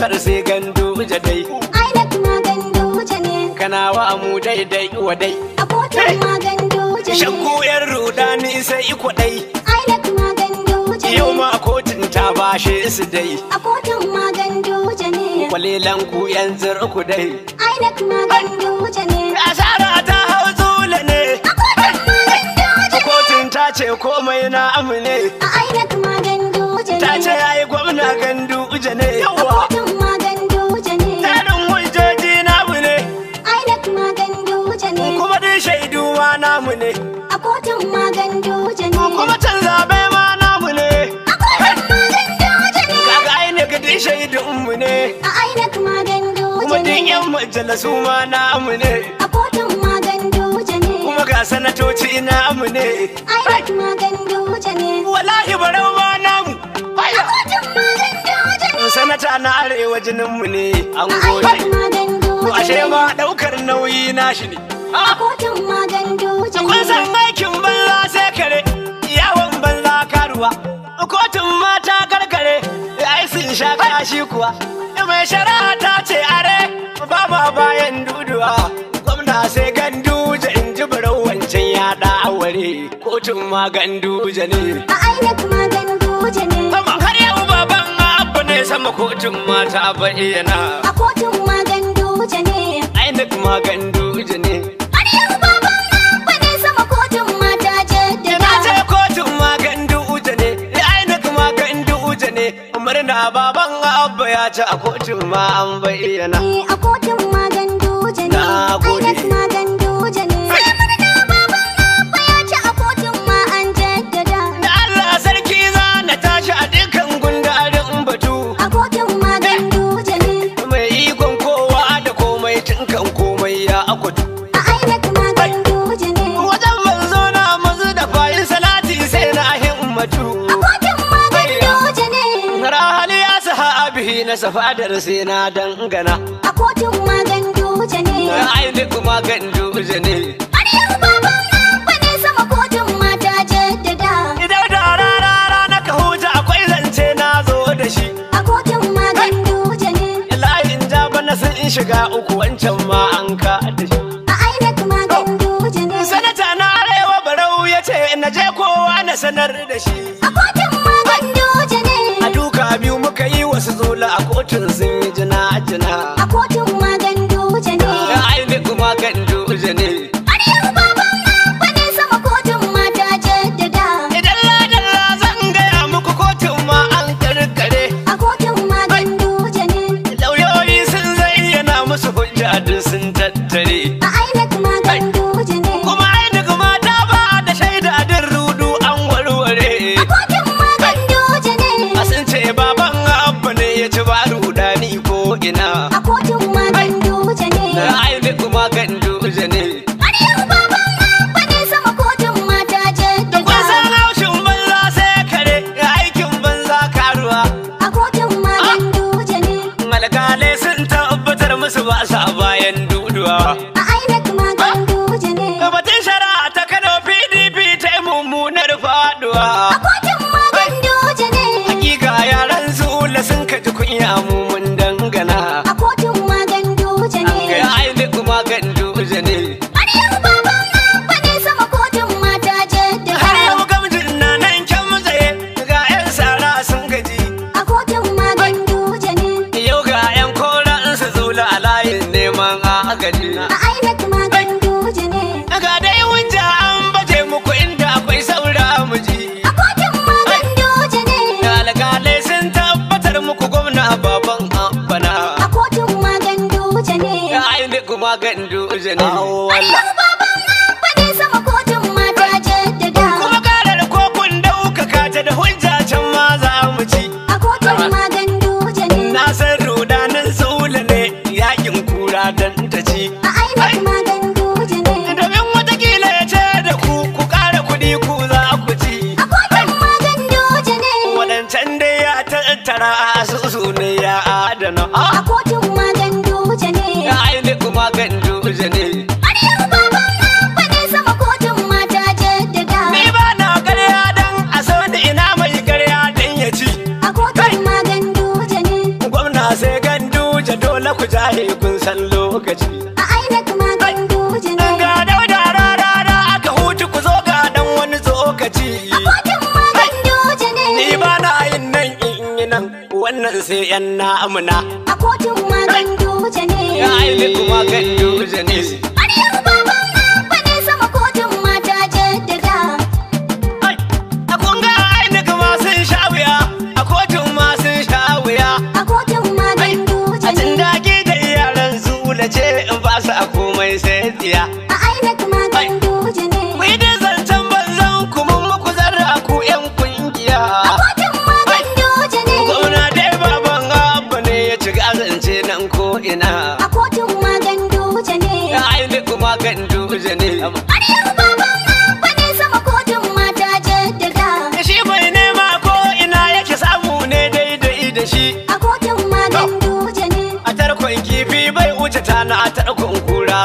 kar sai gando muje dai ai na kuma gando muje ne kana wa mu dai dai wa dai abokin ma gando muje ne shakku yan ruda ni sai iko dai ai na kuma gando muje ne yau ma kotun ta bashe su dai a kotun ma gando muje ne kwalelan ku yan ku dai ai na kuma gando muje ne asara ta hau zule ne a kotun ma ne kotun ta ce komai na amune ne a aina kuma gandu wuce ne ta ce yayi gwamna gandu wuce ne na su ma na amune. A magan doja ne. Kuma ga sanatoci ina amune. Ai magan doja ne. Wallahi barau ma namu. A kotun magan doja ne. Sanata na arewa jininmu ne an gode. Ai magan doja ne. Ashe ma daukar nauyi na shi ne. A kotun magan doja ne. Kun san aikin balla sai kare. Yawon balla karuwa. Kotun mata karkare. Ai sun sha shi kuwa. Mai shari'a ta ce a ba bayan duduwa gwamna sai gandu ganduje in ji barau wancan ya da aure kotun ma gandu ganduje ne a ainak ma ganduje ne amma har yau baban abu ne sama kotun ma ta bayyana a kotun ma gandu ganduje ne ainak ma ganduje ne na baban abba ya ci a kotun ma an bayyana. Eh a kotun ma gandu jani, ai na gandu. har sai na dangana a kotun magan ne a ne kuma ne mata da ka akwai zance na zo da magan ne shiga uku wancan ma an ka da shi a ainek kuma gandu ne sanata na arewa barau ya ce na je kowa na sanar da shi tonight. gina a kotun kan dutse na nah.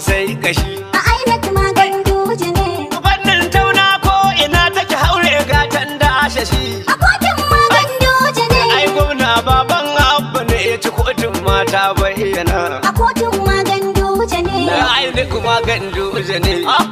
sai kashi. A ainihin magan duji ne. Fannin tauna ko ina take haure gatan da ashashi. A kotun magan duji ne. Ai gwamna baban abu ne ya ci kotun mata bayyana. A kotun magan duji ne. Na ainihin magan duji ne.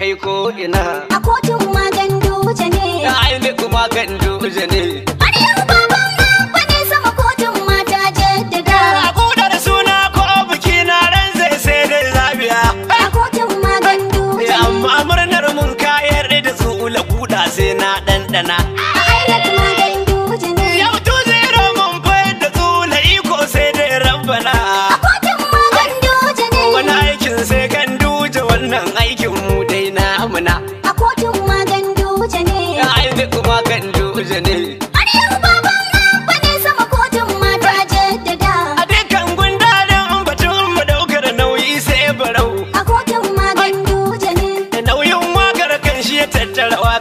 kai ko ina a kotun magan duje ne a ainihin magan duje ne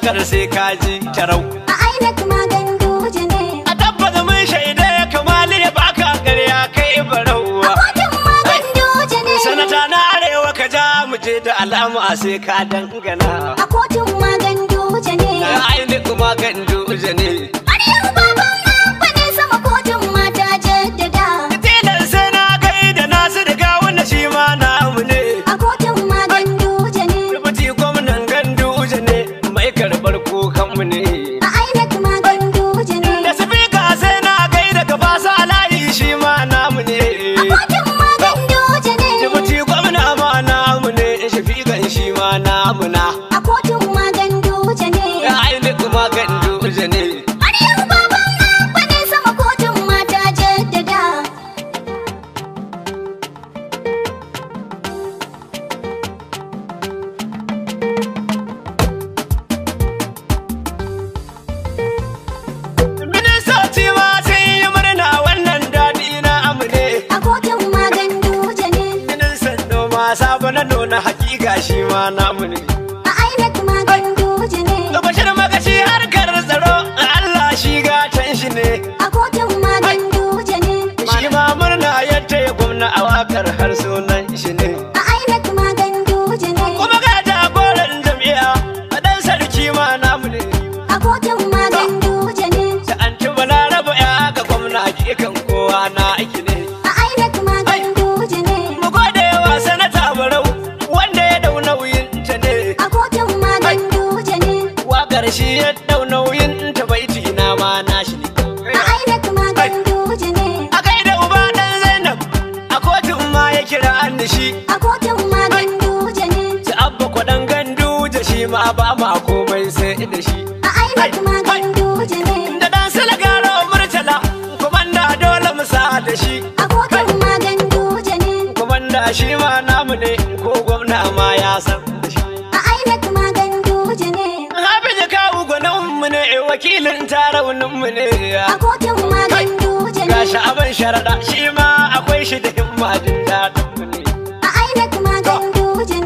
kar sai ka ji tarau a kuma magan doje ne a tabbata mun shaida ya kamali ya baka ya kai barauwa sanata na arewa ka ja mu je da a sai ka dangana a kotun magan doje ne a kuma magan doje ne wani awakar har sunan da shi abokan magan duje ne kwamanda shi ma namu ne ko gwamna ma ya san a ainek magan duje ne abin ya kawo gwaninmu ne wakilin tarauninmu ne a abokin magan duje ne gashi abin sharaɗa shi ma akwai shi da himma jin ne a duje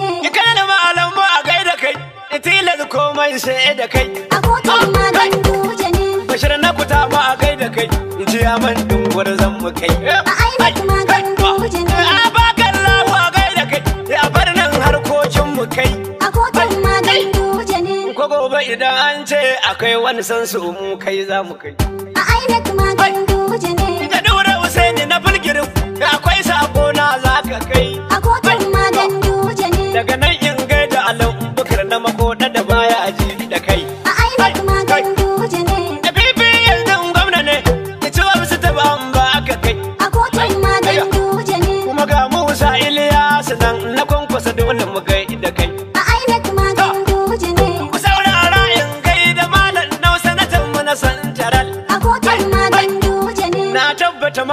ne da malam ba a kai tilas komai sai da kai a kotun magan duje ne bashir na kuta ma a kai da kai jiya man dungwar zan mu kai a kuma ne. a ba kallahu a kai da kai a bar nan harkokin mu kai a kotun ma ne. ko gobe idan an ce akwai wani san su mu kai za mu kai a ainak ma ne. da daura usaini na bulgirin akwai sako na za kai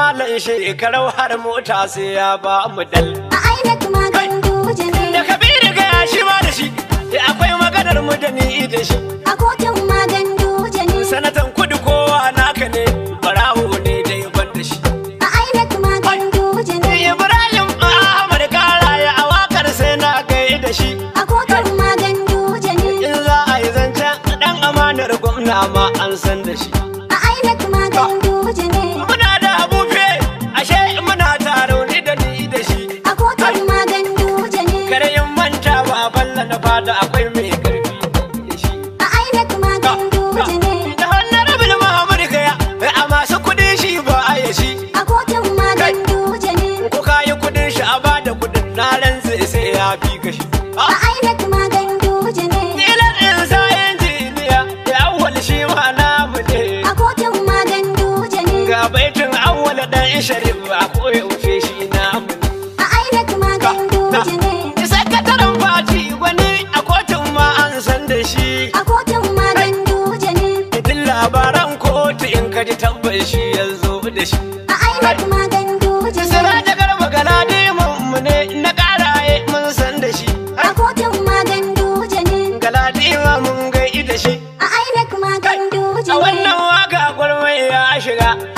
malan shekarau har mota sai ya ba mu dal. A aina na ransu sai ya bi gashi a ainak maganin doji ne ilan in sayin jiniya da awwal shi ma na ne a kotun maganin doji ne ga baitin awwal dan sharif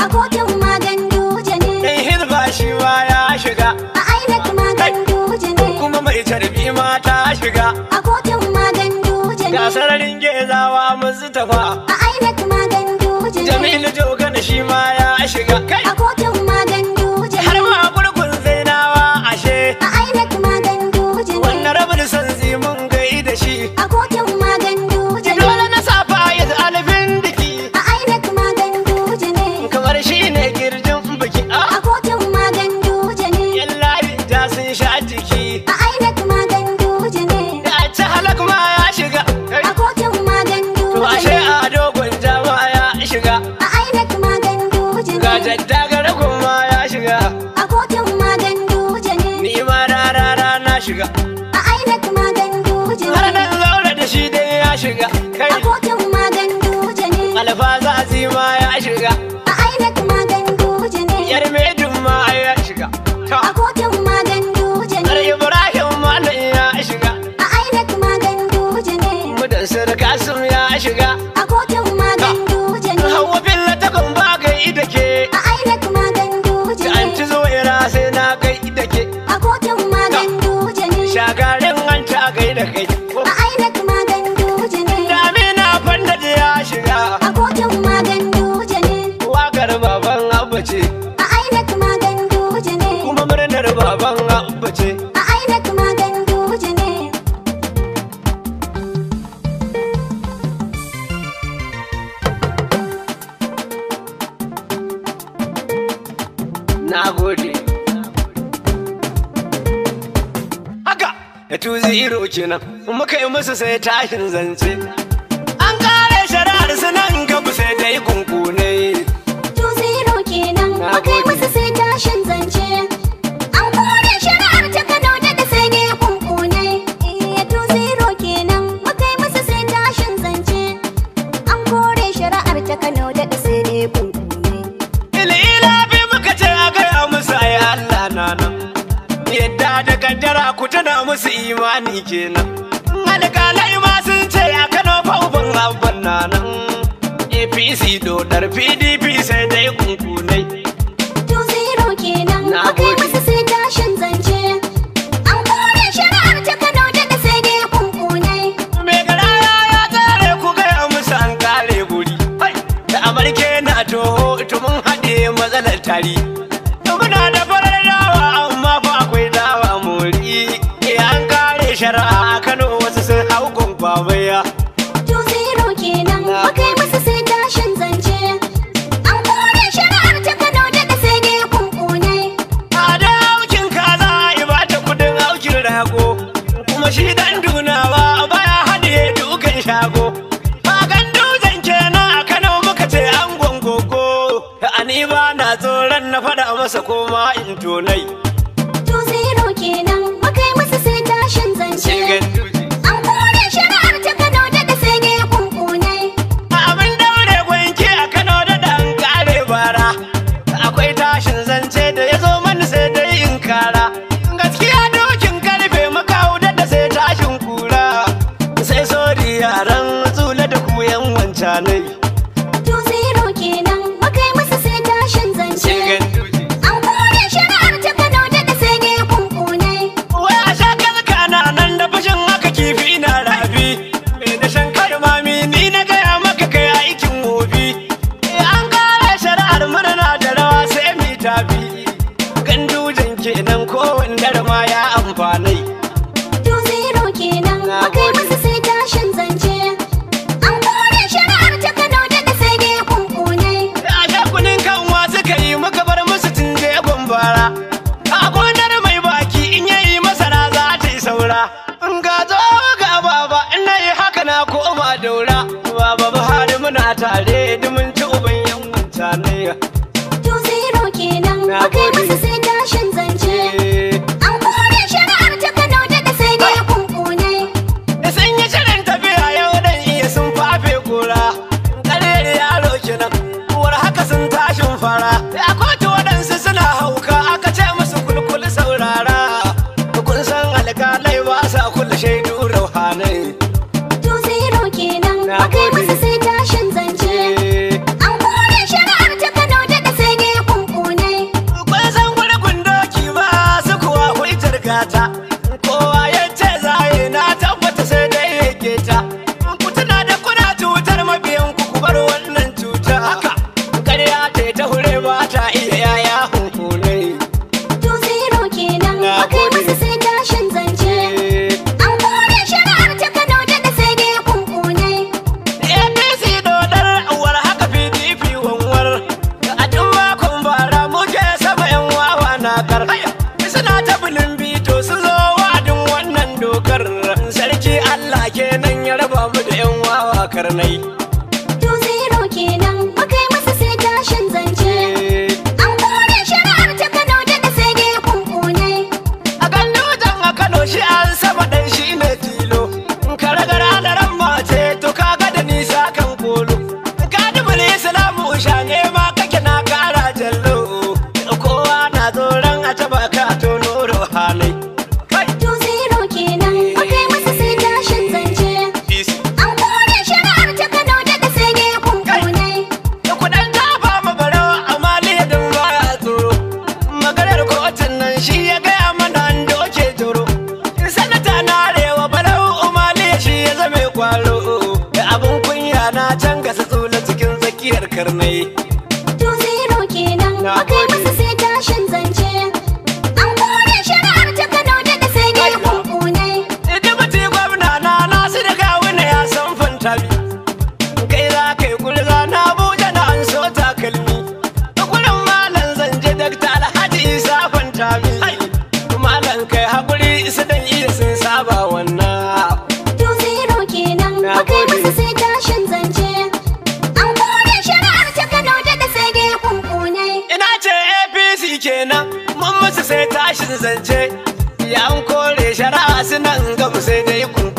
A Abokin magan duje ne. Ɗan eh, hirba shi ma ya shiga. A ainak magan duje ne. Kuma mai carbi ma ta shiga. A Abokin magan duje ne. Gasar sararin gezawa mun su fa. A ainak magan duje ne. Jamilu Jogana shi ma ya shiga. Kai! yi musu sai tashin zance baya to zero kenan kai masa sai tashin zance an kore shari'ar ta Kano daga sai ne kunkune a da aukin kaza ya bata kudin aukin rago kuma shi dan dunawa baya hade dukan shago magan dutsen kenan a Kano muka ce an gongogo na tsoron na fada masa koma in tonai to zero kenan makai masa sai tashin zance suna ta bito su zo wadin wannan dokar sarki Allah kenan ya raba mu da 'yan wawa karnai. karnai. Tu zero kenan. Na zance yan kore shari'a sunan gamsai da yi kun